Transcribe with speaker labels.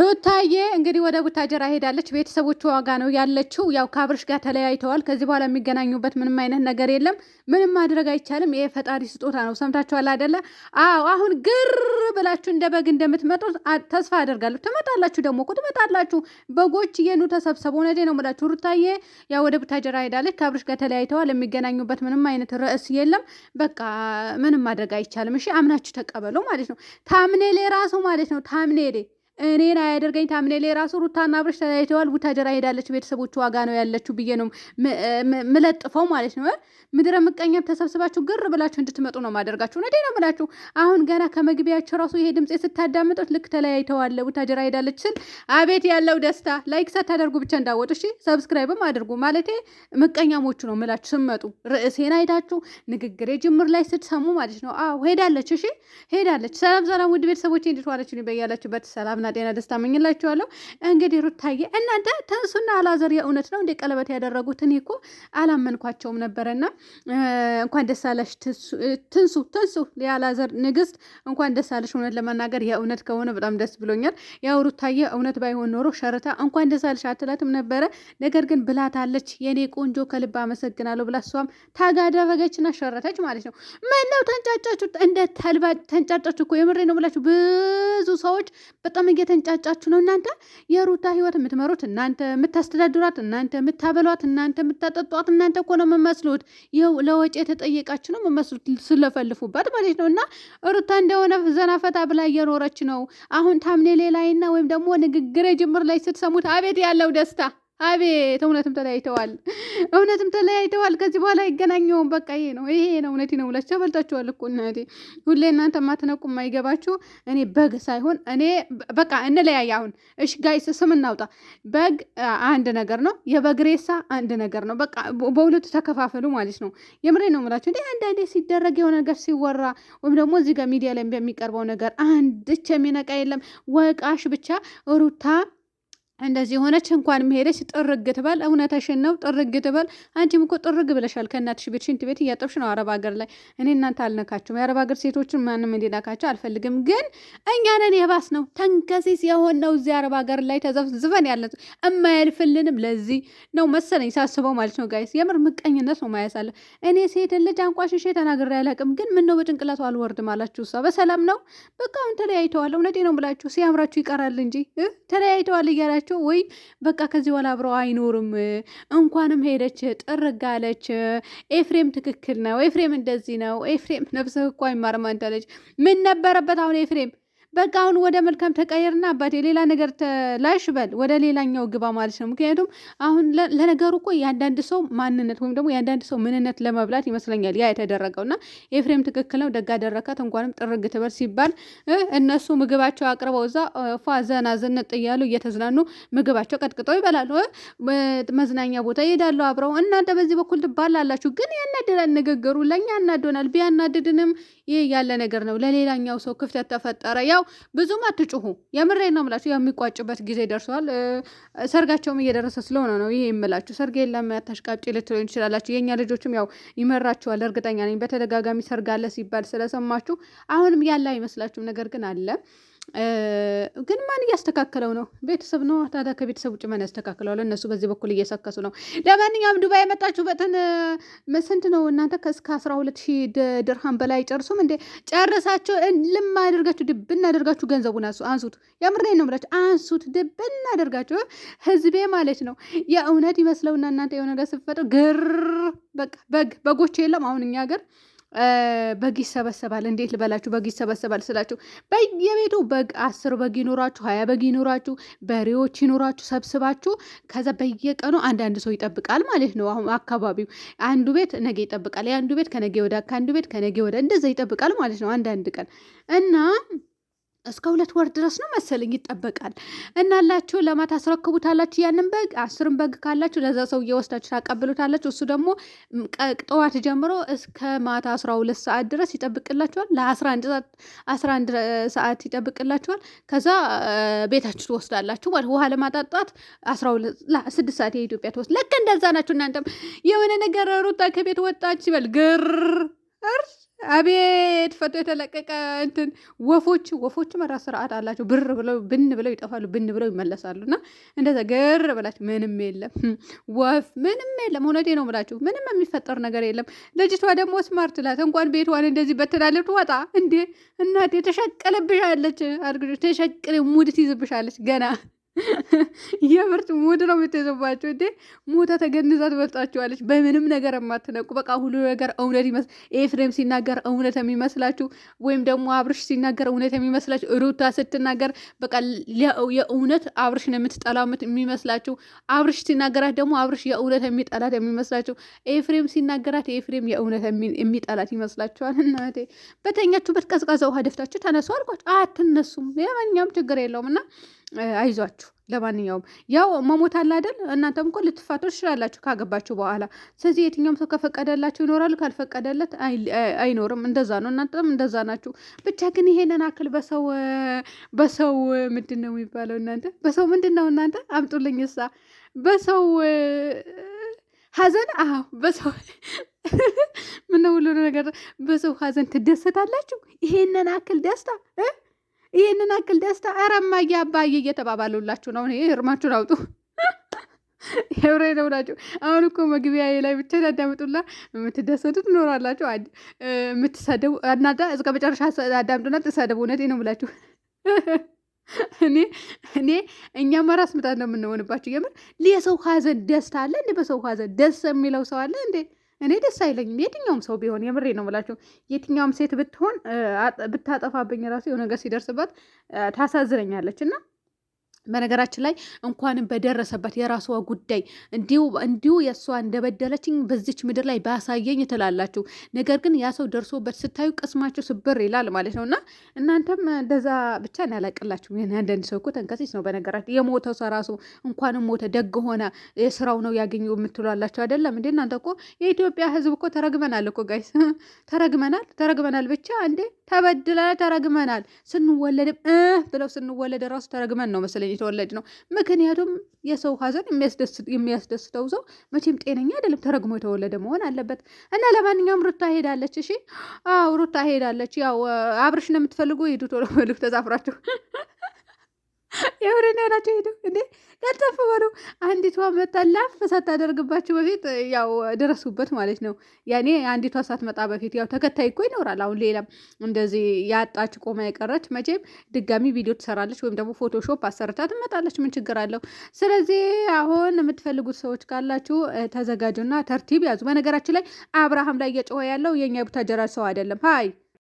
Speaker 1: ሩታዬ እንግዲህ ወደ ቡታጀራ ሄዳለች። ቤተሰቦቹ ዋጋ ነው ያለችው። ያው ከአብርሽ ጋር ተለያይተዋል። ከዚህ በኋላ የሚገናኙበት ምንም አይነት ነገር የለም። ምንም ማድረግ አይቻልም። ይሄ ፈጣሪ ስጦታ ነው። ሰምታችኋል አይደለ? አዎ። አሁን ግር ብላችሁ እንደ በግ እንደምትመጡ ተስፋ አደርጋለሁ። ትመጣላችሁ፣ ደግሞ እኮ ትመጣላችሁ። በጎች የኑ ተሰብሰቡ። እውነቴ ነው የምላችሁ። ሩታዬ ያው ወደ ቡታጀራ ሄዳለች። ከአብርሽ ጋር ተለያይተዋል። የሚገናኙበት ምንም አይነት ርዕስ የለም። በቃ ምንም ማድረግ አይቻልም። እሺ፣ አምናችሁ ተቀበሉ ማለት ነው። ታምኔሌ ራሱ ማለት ነው ታምኔሌ እኔን አያደርገኝ ታምኔ ላይ ራሱ ሩታና አብርሽ ተለያይተዋል፣ ቡታጀራ ሄዳለች፣ ቤተሰቦቹ ዋጋ ነው ያለችው ብዬ ነው ምለጥፈው ማለት ነው። ምድረ ምቀኛም ተሰብስባችሁ ግር ብላችሁ እንድትመጡ ነው ማደርጋችሁ። ነዴ ነው ብላችሁ አሁን ገና ከመግቢያቸው ራሱ ይሄ ድምፅ ስታዳምጡት ልክ ተለያይተዋል፣ ቡታጀራ ሄዳለች ስል አቤት ያለው ደስታ። ላይክ ሳታደርጉ ብቻ እንዳወጡ እሺ፣ ሰብስክራይብም አድርጉ ማለቴ ምቀኛሞቹ ነው ምላችሁ ስመጡ ርዕሴን አይታችሁ ንግግር የጅምር ላይ ስትሰሙ ማለት ነው። አዎ ሄዳለች፣ እሺ ሄዳለች። ሰላም ሰላም፣ ውድ ቤተሰቦቼ እንዴት ዋላችሁ? በያላችሁበት ሰላም ጤና ደስታ መኝላችኋለሁ። እንግዲህ ሩታዬ እናንተ ተንሱና አላዘር የእውነት ነው እንዴ ቀለበት ያደረጉት? እኔ እኮ አላመንኳቸውም ነበረና እንኳን ደስ አለሽ ትንሱ፣ ትንሱ የአላዘር ንግስት፣ እንኳን ደስ አለሽ። እውነት ለመናገር የእውነት ከሆነ በጣም ደስ ብሎኛል። ያው ሩታዬ እውነት ባይሆን ኖሮ ሸርታ እንኳን ደስ አለሽ አትላትም ነበረ። ነገር ግን ብላታለች። የኔ ቆንጆ ከልብ አመሰግናለሁ ብላ እሷም ታጋ አደረገችና ሸረተች ማለት ነው። ምነው ተንጫጫችሁ? እንደ ተልባ ተንጫጫችሁ እኮ የምሬ ነው ብላችሁ ብዙ ሰዎች በጣም እየተንጫጫችሁ ነው እናንተ። የሩታ ህይወት የምትመሩት እናንተ፣ የምታስተዳድሯት እናንተ፣ የምታበሏት እናንተ፣ የምታጠጧት እናንተ እኮ ነው የምመስሉት። ይኸው ለወጪ የተጠየቃችሁ ነው የምመስሉት፣ ስለፈልፉባት ማለት ነው። እና ሩታ እንደሆነ ዘናፈታ ብላ እየኖረች ነው። አሁን ታምኔ ሌላይና ወይም ደግሞ ንግግሬ ጅምር ላይ ስትሰሙት አቤት ያለው ደስታ አቤት እውነትም ተለያይተዋል፣ እውነትም ተለያይተዋል። ከዚህ በኋላ አይገናኘውም። በቃ ይሄ ነው ይሄ ነው እውነቴ ነው ብላችሁ ተበልታችኋል እኮ እናቴ። ሁሌ እናንተ ማትነቁ የማይገባችሁ እኔ በግ ሳይሆን እኔ በቃ እንለያይ። አሁን እሽ ጋይስ ስም እናውጣ። በግ አንድ ነገር ነው፣ የበግ ሬሳ አንድ ነገር ነው። በቃ በሁለቱ ተከፋፈሉ ማለት ነው። የምሬ ነው የምላችሁ። እንደ አንዳንዴ ሲደረግ የሆነ ነገር ሲወራ ወይም ደግሞ እዚህ ጋር ሚዲያ ላይ የሚቀርበው ነገር አንድች የሚነቃ የለም። ወቃሽ ብቻ ሩታ እንደዚህ የሆነች እንኳን መሄደች ጥርግ ትበል። እውነትሽን ነው፣ ጥርግ ትበል። አንቺም እኮ ጥርግ ብለሻል። ከእናትሽ ቤት ሽንት ቤት እያጠብሽ ነው አረብ ሀገር ላይ። እኔ እናንተ አልነካችሁም። የአረብ ሀገር ሴቶችን ማንም እንዲነካቸው አልፈልግም። ግን እኛንን የባስ ነው ተንከሲስ የሆን ነው እዚህ አረብ ሀገር ላይ ተዘፍዝፈን ያለ እማያልፍልንም። ለዚህ ነው መሰለኝ ሳስበው ማለት ነው ጋይስ፣ የምር ምቀኝነት ነው ማያሳለ። እኔ ሴትን ልጅ አንቋሽሼ ተናግሬ አላውቅም። ግን ምን ነው በጭንቅላቱ አልወርድም አላችሁ። እሷ በሰላም ነው በቃ አሁን ተለያይተዋል። እውነቴ ነው ብላችሁ ሲያምራችሁ ይቀራል እንጂ ተለያይተዋል እያላችሁ ያላቸው ወይ በቃ ከዚህ በኋላ አብረው አይኖርም። እንኳንም ሄደች ጥርግ አለች። ኤፍሬም ትክክል ነው፣ ኤፍሬም እንደዚህ ነው፣ ኤፍሬም ነፍስህ እኮ አይማርም አንተ አለች። ምን ነበረበት አሁን ኤፍሬም በቃ አሁን ወደ መልካም ተቀየርና አባቴ ሌላ ነገር ላሽ በል ወደ ሌላኛው ግባ ማለት ነው። ምክንያቱም አሁን ለነገሩ እኮ የአንዳንድ ሰው ማንነት ወይም ደግሞ የአንዳንድ ሰው ምንነት ለመብላት ይመስለኛል ያ የተደረገው እና ኤፍሬም ትክክል ነው። ደጋ ደረካት እንኳንም ጥርግ ትበል ሲባል እነሱ ምግባቸው አቅርበው እዛ ፏ ዘና ዝንጥ እያሉ እየተዝናኑ ምግባቸው ቀጥቅጠው ይበላሉ። መዝናኛ ቦታ ይሄዳሉ አብረው። እናንተ በዚህ በኩል ትባላላችሁ፣ ግን ያናድዳል ንግግሩ። ለእኛ እናዶናል፣ ቢያናድድንም ይህ ያለ ነገር ነው። ለሌላኛው ሰው ክፍተት ተፈጠረ። ያው ብዙም አትጩሁ። የምሬ ነው የምላችሁ። የሚቋጭበት ጊዜ ደርሷል። ሰርጋቸውም እየደረሰ ስለሆነ ነው ይሄ የምላችሁ። ሰርግ የለም አታሽቃጭ ልትሉኝ ትችላላችሁ። የእኛ ልጆችም ያው ይመራችኋል፣ እርግጠኛ ነኝ። በተደጋጋሚ ሰርግ አለ ሲባል ስለሰማችሁ አሁንም ያለ አይመስላችሁም፣ ነገር ግን አለ ግን ማን እያስተካከለው ነው? ቤተሰብ ነው። ታዲያ ከቤተሰብ ውጭ ማን ያስተካክለዋል? እነሱ በዚህ በኩል እየሰከሱ ነው። ለማንኛውም ዱባይ የመጣችሁበትን ስንት ነው እናንተ? ከእስከ አስራ ሁለት ሺህ ድርሃም በላይ ጨርሱም እንዴ ጨርሳችሁ ልም አደርጋችሁ ድብ እናደርጋችሁ ገንዘቡን አንሱት። የምሬን ነው የምላችሁ፣ አንሱት ድብ እናደርጋችሁ። ህዝቤ ማለት ነው የእውነት ይመስለውና እናንተ የሆነ ነገር ስትፈጥሩ ግር በቃ በግ በጎች የለም አሁን እኛ ሀገር በግ ይሰበሰባል። እንዴት ልበላችሁ? በግ ይሰበሰባል ስላችሁ በየቤቱ በግ አስር በግ ይኖራችሁ፣ ሀያ በግ ይኖራችሁ፣ በሬዎች ይኖራችሁ ሰብስባችሁ፣ ከዛ በየቀኑ አንዳንድ ሰው ይጠብቃል ማለት ነው። አሁን አካባቢው አንዱ ቤት ነገ ይጠብቃል፣ የአንዱ ቤት ከነገ ወደ ከአንዱ ቤት ከነገ ወደ እንደዛ ይጠብቃል ማለት ነው። አንዳንድ ቀን እና እስከ ሁለት ወር ድረስ ነው መሰለኝ ይጠበቃል። እናላችሁ ለማት አስረክቡታላችሁ። ያንን በግ አስርን በግ ካላችሁ ለዛ ሰውዬ ወስዳችሁ ታቀብሉታላችሁ። እሱ ደግሞ ጠዋት ጀምሮ እስከ ማታ አስራ ሁለት ሰዓት ድረስ ይጠብቅላችኋል። ለአስራ አንድ ሰዓት ይጠብቅላችኋል። ከዛ ቤታችሁ ትወስዳላችሁ ማለት ውሃ ለማጣጣት አስራ ሁለት ስድስት ሰዓት የኢትዮጵያ ትወስድ። ልክ እንደዛ ናችሁ እናንተም የሆነ ነገር ሩጣ ከቤት ወጣች ይበል ግር እርስ አቤት ፈቶ የተለቀቀ እንትን ወፎች ወፎች መራ ስርዓት አላቸው። ብር ብለው ብን ብለው ይጠፋሉ፣ ብን ብለው ይመለሳሉ። እና እንደዛ ግር ብላችሁ ምንም የለም hm! ወፍ ምንም የለም። እውነቴ ነው ብላችሁ ምንም የሚፈጠር ነገር የለም። ልጅቷ ደግሞ ስማርት ላት እንኳን ቤቷን እንደዚህ በትላለች ወጣ እንዴ እናቴ ተሸቀለብሻለች፣ አድግ ተሸቅል ሙድ ትይዝብሻለች ገና የምርት ሙድ ነው የምትይዘባቸው እንዴ! ሙታ ተገንዛ ትበልጣችኋለች። በምንም ነገር የማትነቁ በቃ ሁሉ ነገር እውነት ይመስል ኤፍሬም ሲናገር እውነት የሚመስላችሁ ወይም ደግሞ አብርሽ ሲናገር እውነት የሚመስላችሁ ሩታ ስትናገር በቃ የእውነት አብርሽን የምትጠላው የሚመስላችሁ አብርሽ ሲናገራት ደግሞ አብርሽ የእውነት የሚጠላት የሚመስላችሁ ኤፍሬም ሲናገራት ኤፍሬም የእውነት የሚጠላት ይመስላችኋል። እናቴ በተኛችሁበት ቀዝቃዛ ውሃ ደፍታችሁ ተነሱ አልኳችሁ። አትነሱም። የማንኛውም ችግር የለውም እና አይዟችሁ። ለማንኛውም ያው መሞት አለ አይደል? እናንተም እኮ ልትፋቶች ትችላላችሁ ካገባችሁ በኋላ። ስለዚህ የትኛውም ሰው ከፈቀደላችሁ ይኖራሉ፣ ካልፈቀደለት አይኖርም። እንደዛ ነው። እናንተም እንደዛ ናችሁ። ብቻ ግን ይሄንን አክል በሰው በሰው ምንድን ነው የሚባለው? እናንተ በሰው ምንድን ነው እናንተ አምጡልኝ እሳ በሰው ሀዘን አዎ፣ በሰው ምነው ሁሉ ነገር በሰው ሀዘን ትደሰታላችሁ? ይሄንን አክል ደስታ ይህንን አክል ደስታ አረማዬ አባዬ እየተባባሉላችሁ ነው። ይሄ እርማችሁን አውጡ። የብሬ ነው ናቸው። አሁን እኮ መግቢያ ላይ ብቻ ያዳምጡላ የምትደሰቱ ትኖራላችሁ። የምትሰደቡ እናንተ እስከ መጨረሻ አዳምጡና ትሰደቡ። እውነቴ ነው ብላችሁ እኔ እኔ እኛማ ራስ ምታት ነው የምንሆንባችሁ። የምር የሰው ሀዘን ደስታ አለ እንዴ? በሰው ሀዘን ደስ የሚለው ሰው አለ እንዴ? እኔ ደስ አይለኝም። የትኛውም ሰው ቢሆን የምሬ ነው ብላቸው የትኛውም ሴት ብትሆን ብታጠፋብኝ ራሱ የሆነ ነገር ሲደርስባት ታሳዝነኛለች እና በነገራችን ላይ እንኳንም በደረሰበት የራሷ ጉዳይ እንዲሁ እንዲሁ የእሷ እንደበደለችኝ በዚች ምድር ላይ ባሳየኝ ትላላችሁ። ነገር ግን ያ ሰው ደርሶበት ስታዩ ቅስማችሁ ስብር ይላል ማለት ነው። እና እናንተም እንደዛ ብቻ እናላቅላችሁ። አንዳንድ ሰው እኮ ተንከሲስ ነው በነገራችን። የሞተ ሰው ራሱ እንኳንም ሞተ ደግ ሆነ የስራው ነው ያገኙ የምትሏላቸው አይደለም እንዴ? እናንተ እኮ የኢትዮጵያ ሕዝብ እኮ ተረግመናል እኮ ጋይስ፣ ተረግመናል ተረግመናል ብቻ እንዴ ተበድለን ተረግመናል። ስንወለድም ብለው ስንወለድ ራሱ ተረግመን ነው መሰለኝ የተወለድ ነው። ምክንያቱም የሰው ሀዘን የሚያስደስተው ሰው መቼም ጤነኛ አይደለም፣ ተረግሞ የተወለደ መሆን አለበት። እና ለማንኛውም ሩታ ሄዳለች። እሺ፣ አዎ ሩታ ሄዳለች። ያው አብርሽ ነው የምትፈልጉ ሂዱ፣ ቶሎ መልክ ተሳፍራችሁ የሆነ ነውናቸው ሄደው እንዴ ቀልጠፍ በሉ አንዲቷ ላፍ ሳታደርግባቸው በፊት ያው ደረሱበት ማለት ነው። ያኔ አንዲቷ ሳትመጣ በፊት ያው ተከታይ እኮ ይኖራል። አሁን ሌላም እንደዚህ ያጣች ቆማ የቀረች መቼም ድጋሚ ቪዲዮ ትሰራለች ወይም ደግሞ ፎቶሾፕ አሰርታ ትመጣለች። ምን ችግር አለው? ስለዚህ አሁን የምትፈልጉት ሰዎች ካላችሁ ተዘጋጁና ተርቲብ ያዙ። በነገራችን ላይ አብርሃም ላይ እየጮኸ ያለው የእኛ ቡታጀራ ሰው አይደለም። ሀይ